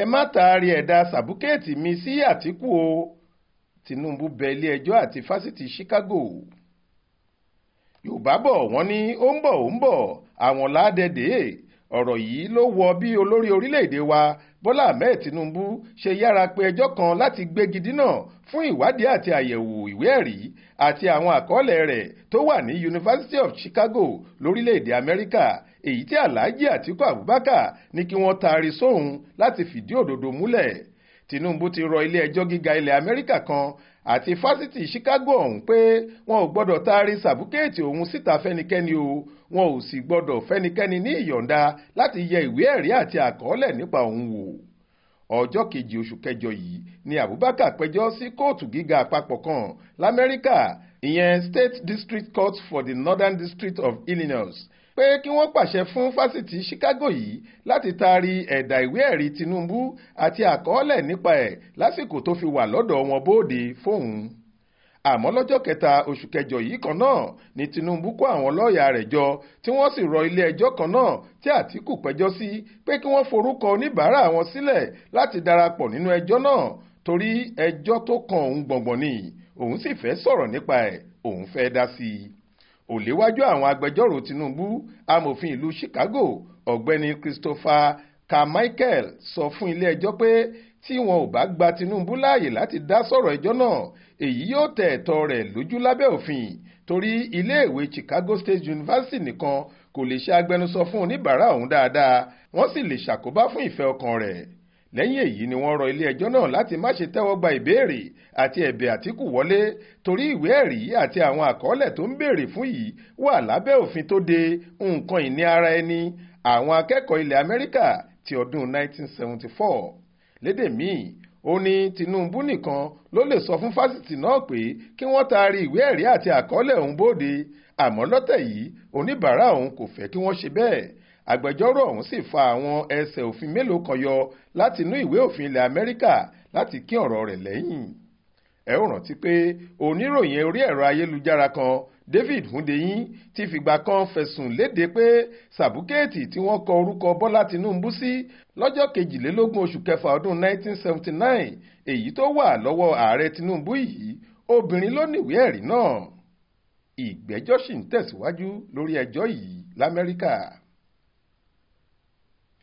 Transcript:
ẹ má taari ẹ̀dà sàbúkẹ́ẹ̀tì mi sí àtìkù o Tinubu bẹ ilé-ẹjọ́ àti fásitì Chicago Yorùbá bọ̀ wọ́n ní ó ń bọ̀ ó ń bọ̀ àwọn ládẹ́dẹ́ ọ̀rọ̀ yìí ló wọ bí olórí orílẹ̀-èdè wa Bọ́lá Ahmed Tinubu ṣe yára pe ẹjọ́ kan láti gbégi dínà fún ìwádìí àti àyẹ̀wò ìwé ẹ̀rí àti àwọn àkọọ́lẹ̀ rẹ̀ tó wà ní University of Chicago lórílẹ̀-èdè Amẹ́ríkà èyí tí alhaji atiku abubakar ní kí wọ́n taari sóhun láti fìdí òdodo múlẹ̀ tinubu ti rọ ilé ẹjọ́ gíga ilẹ̀ amẹ́ríkà kan àti fásitì chicago ọ̀hún pé wọn ò gbọ́dọ̀ taari sàbúkẹ́ẹ̀tì òun síta fẹ́nikẹ́ni o wọn ò sì gbọ́dọ̀ fẹ́nikẹ́ni ní ìyọ̀ǹda láti yẹ ìwé ẹ̀rí àti àkọọ́lẹ̀ nípa òun wò ọjọ́ kejì oṣù kẹjọ yìí ni abubakar péjọ sí kóòtù gíga àpapọ̀ kan lamẹ́ríkà ìyẹn state district court for the northern district of illinois pé kí wọ́n pàṣẹ fún fásitì Chicago yìí láti taari ẹ̀dà ìwé ẹ̀rí Tinubu àti àkọọ́lẹ̀ nípa ẹ̀ lásìkò tó fi wà lọ́dọ̀ wọn bóde fóun àmọ́ lọ́jọ́ kẹta oṣù kẹjọ yìí kan náà ni Tinubu kó àwọn lọ́ọ̀yà rẹ̀ jọ tí wọ́n sì rọ ilé ẹjọ́ kan náà tí Àtíkù pẹjọ́ sí pé kí wọ́n forúkọ oníbàárà wọn sílẹ̀ láti darapọ̀ nínú ẹjọ́ náà torí ẹjọ́ tó kan òun gbọ̀ngbọ̀n ni òun sì fẹ́ sọ̀rọ̀ nípa ẹ̀ òun fẹ́ dá sí i òléwájú àwọn agbẹjọ́rò Tinubu amòfin ìlú Chicago ọ̀gbẹ́ni Christopher Carmichael sọ fún ilé-ẹjọ́ pé tí wọn ò bá gba Tinubu láàyè láti dá sọ̀rọ̀ ẹjọ́ náà èyí yóò tẹ̀ ẹ̀tọ́ rẹ̀ lójú lábẹ́ òfin torí iléèwé Chicago State University nìkan kò lè ṣe agbẹnusọ fún oníbàárà òun dáadáa wọ́n sì lè ṣàkóbá fún ìfẹ́ ọkàn rẹ̀ lẹ́yìn èyí ni wọ́n rọ ilé-ẹjọ́ náà láti má ṣe tẹ́wọ́ gba ìbéèrè àti ẹ̀bẹ̀ Àtíkù wọlé torí ìwé ẹ̀rí àti àwọn àkọọ́lẹ̀ tó ń béèrè fún yìí wà lábẹ́ òfin tó de nǹkan ìní ara ẹni àwọn akẹ́kọ̀ọ́ ilẹ̀ Amẹ́ríkà ti ọdún 1974 lédè míì ó ní Tinubu nìkan ló lè sọ fún fásitì náà pé kí wọ́n taari ìwé ẹ̀rí àti àkọọ́lẹ̀ òun bóde àmọ́ lọ́tẹ̀ yìí oníbàárà òun kò fẹ́ kí wọ́n ṣe bẹ́ẹ̀ agbẹjọ́rò ọ̀hún sì fa àwọn ẹsẹ̀ òfin mélòó kan yọ láti inú ìwé òfin ilẹ̀ Amẹ́ríkà láti kín ọ̀rọ̀ rẹ̀ lẹ́yìn ẹ ó rántí pé oníròyìn orí ẹ̀rọ ayélujára kan David Hundeyin ti fìgbà kan fẹ̀sùn léde pé sàbúkẹ́ẹ̀tì tí wọ́n kọ orúkọ Bọ́lá Tinubu sí lọ́jọ́ kejìlélógún oṣù kẹfà ọdún 1979 èyí tó wà lọ́wọ́ ààrẹ Tinubu yìí obìnrin ló níwèé ẹ̀rí náà ìgbẹ́jọ́ sì ń tẹ̀síwájú lórí ẹjọ́ yìí l'Amẹ́ríkà